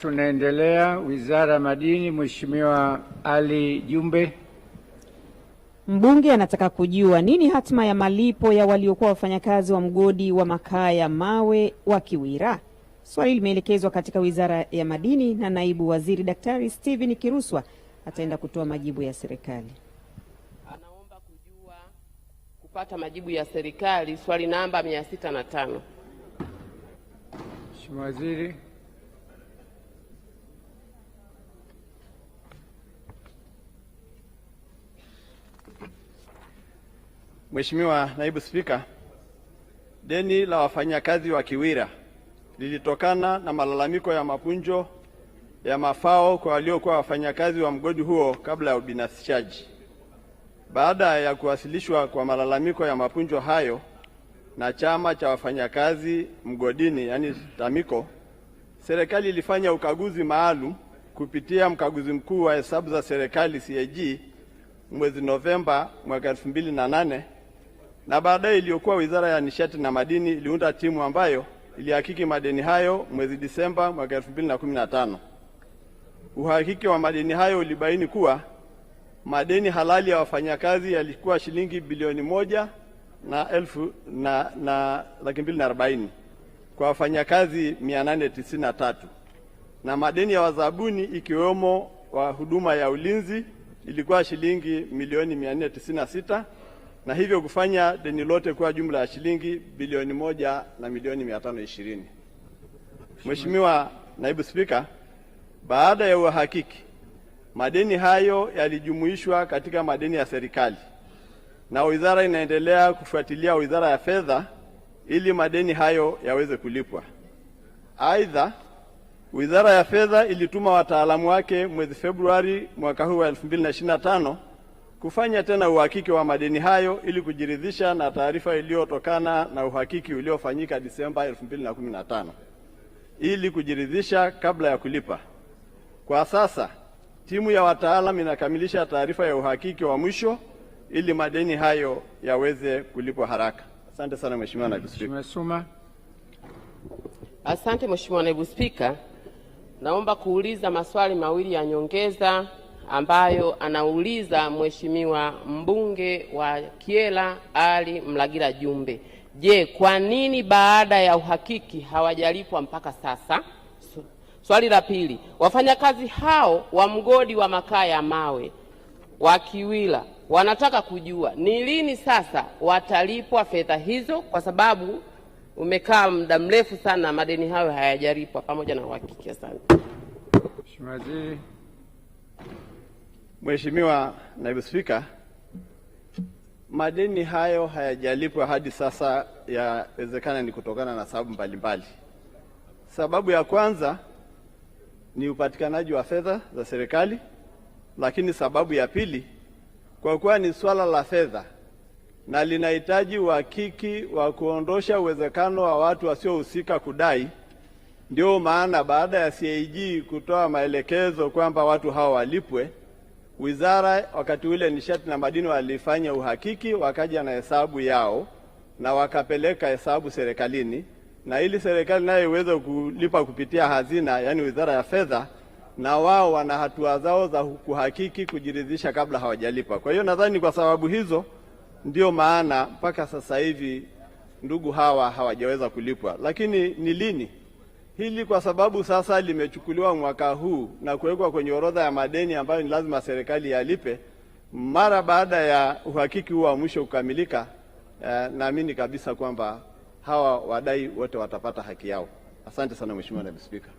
Tunaendelea wizara ya madini, Mheshimiwa Ali Jumbe. Mbunge anataka kujua nini hatima ya malipo ya waliokuwa wafanyakazi wa mgodi wa makaa ya mawe wa Kiwira. Swali limeelekezwa katika wizara ya madini na naibu waziri Daktari Steven Kiruswa ataenda kutoa majibu ya serikali. Anaomba kujua kupata majibu ya serikali swali namba 605. Mheshimiwa Waziri. Mheshimiwa Naibu Spika, deni la wafanyakazi wa Kiwira lilitokana na malalamiko ya mapunjo ya mafao kwa waliokuwa wafanyakazi wa mgodi huo kabla ya ubinafsishaji. Baada ya kuwasilishwa kwa malalamiko ya mapunjo hayo na chama cha wafanyakazi mgodini, yaani TAMICO, serikali ilifanya ukaguzi maalum kupitia mkaguzi mkuu wa hesabu za serikali CAG mwezi Novemba mwaka 2008 na baadaye iliyokuwa Wizara ya Nishati na Madini iliunda timu ambayo ilihakiki madeni hayo mwezi Disemba mwaka 2015. Uhakiki wa madeni hayo ulibaini kuwa madeni halali ya wafanyakazi yalikuwa shilingi bilioni moja na elfu na, na laki mbili na arobaini kwa wafanyakazi 893 na madeni ya wazabuni ikiwemo wa huduma ya ulinzi ilikuwa shilingi milioni 496 na hivyo kufanya deni lote kuwa jumla ya shilingi bilioni moja na milioni mia tano ishirini. Mheshimiwa Naibu Spika, baada ya uhakiki, madeni hayo yalijumuishwa katika madeni ya serikali na wizara inaendelea kufuatilia wizara ya fedha ili madeni hayo yaweze kulipwa. Aidha, wizara ya fedha ilituma wataalamu wake mwezi Februari mwaka huu wa 2025 kufanya tena uhakiki wa madeni hayo ili kujiridhisha na taarifa iliyotokana na uhakiki uliofanyika Disemba 2015 ili kujiridhisha kabla ya kulipa. Kwa sasa timu ya wataalamu inakamilisha taarifa ya uhakiki wa mwisho ili madeni hayo yaweze kulipwa haraka. Asante sana Mheshimiwa Naibu Spika. Asante Mheshimiwa Naibu Spika, naomba kuuliza maswali mawili ya nyongeza ambayo anauliza mheshimiwa mbunge wa Kyela Ali Mlagira Jumbe, je, kwa nini baada ya uhakiki hawajalipwa mpaka sasa? Swali la pili, wafanyakazi hao wa mgodi wa makaa ya mawe wa Kiwila wanataka kujua ni lini sasa watalipwa fedha hizo, kwa sababu umekaa muda mrefu sana, madeni hayo hayajalipwa pamoja na uhakiki. Asante. Mheshimiwa Naibu Spika, madeni hayo hayajalipwa hadi sasa, yawezekana ni kutokana na sababu mbalimbali. Sababu ya kwanza ni upatikanaji wa fedha za serikali, lakini sababu ya pili, kwa kuwa ni swala la fedha na linahitaji uhakiki wa kuondosha uwezekano wa watu wasiohusika kudai, ndio maana baada ya CAG kutoa maelekezo kwamba watu hao walipwe wizara wakati ule nishati na madini walifanya uhakiki, wakaja na hesabu yao na wakapeleka hesabu serikalini, na ili serikali nayo iweze kulipa kupitia hazina, yaani wizara ya fedha, na wao wana hatua zao za kuhakiki, kujiridhisha kabla hawajalipa. Kwa hiyo nadhani kwa sababu hizo ndio maana mpaka sasa hivi ndugu hawa hawajaweza kulipwa, lakini ni lini? Hili kwa sababu sasa limechukuliwa mwaka huu na kuwekwa kwenye orodha ya madeni ambayo ni lazima serikali yalipe mara baada ya uhakiki huu wa mwisho kukamilika. Eh, naamini kabisa kwamba hawa wadai wote watapata haki yao. Asante sana Mheshimiwa Naibu Spika.